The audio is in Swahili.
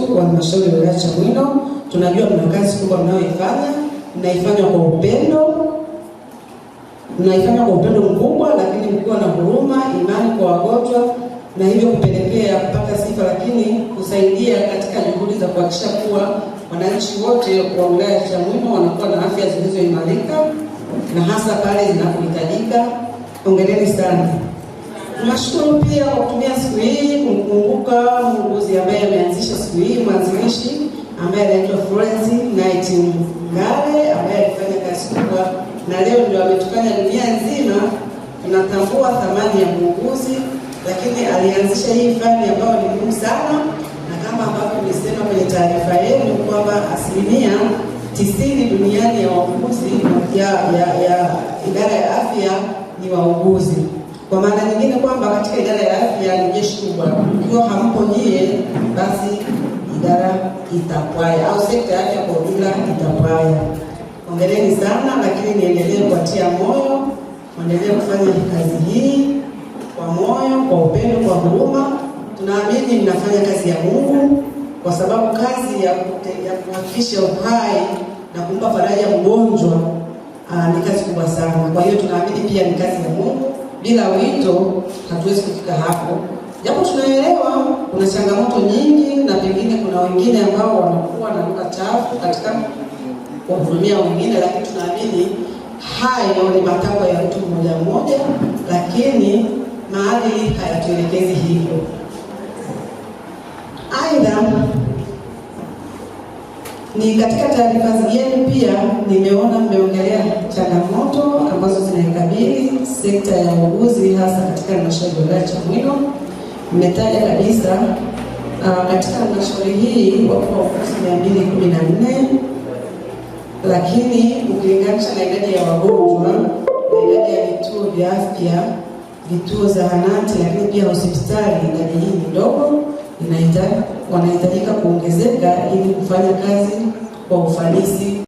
wetu wa halmashauri ya wilaya Chamwino, tunajua mna kazi kubwa mnayoifanya, mnaifanya kwa upendo, mnaifanya kwa upendo mkubwa, lakini mkiwa na huruma, imani kwa wagonjwa, na hivyo kupelekea kupata sifa, lakini kusaidia katika juhudi za kuhakikisha kuwa wananchi wote wa wilaya ya Chamwino wanakuwa na afya zilizoimarika na hasa pale zinapohitajika. Hongereni sana. Tunashukuru pia kwa kutumia siku hii kumkumbuka muuguzi ambaye ameanzisha siku hii, mwanzilishi ambaye anaitwa Florence Nightingale ambaye alifanya kazi kubwa na leo ndio ametufanya dunia nzima tunatambua thamani ya muuguzi, lakini alianzisha hii fani ambayo ni muhimu sana, na kama ambavyo nimesema kwenye taarifa yenu kwamba asilimia tisini duniani ya wauguzi ya, ya, ya idara ya afya ni wauguzi. Kwa maana nyingine kwamba katika idara ya afya ni jeshi kubwa, ikiwa hampo nyie, basi idara itapwaya au sekta ya afya kwa ujumla itapwaya. ongeleni sana, lakini niendelee kuatia moyo, mwendelee kufanya kazi hii kwa moyo, kwa upendo, kwa huruma. Tunaamini mnafanya kazi ya Mungu, kwa sababu kazi ya kuhakikisha uhai na kumpa faraja mgonjwa ah, ni kazi kubwa sana. Kwa hiyo tunaamini pia ni kazi ya Mungu. Bila wito hatuwezi kufika hapo, japo tunaelewa kuna changamoto nyingi, na pengine kuna wengine ambao wanakuwa na lugha chafu katika kuwahudumia wengine, lakini tunaamini hayo ni matakwa ya mtu mmoja mmoja, lakini maadili hayatuelekezi hivyo. Aidha, ni katika taarifa yenu pia nimeona mmeongelea changamoto ambazo zinaikabili sekta ya uuguzi hasa katika halmashauri ya wilaya Chamwino. Mmetaja kabisa uh, katika halmashauri hii wapo wauguzi mia mbili kumi na nne lakini ukilinganisha na idadi ya wagonjwa na idadi ya vituo vya afya, vituo zahanati, lakini pia hospitali, idadi hii ni ndogo, wanahitajika kuongezeka ili kufanya kazi kwa ufanisi.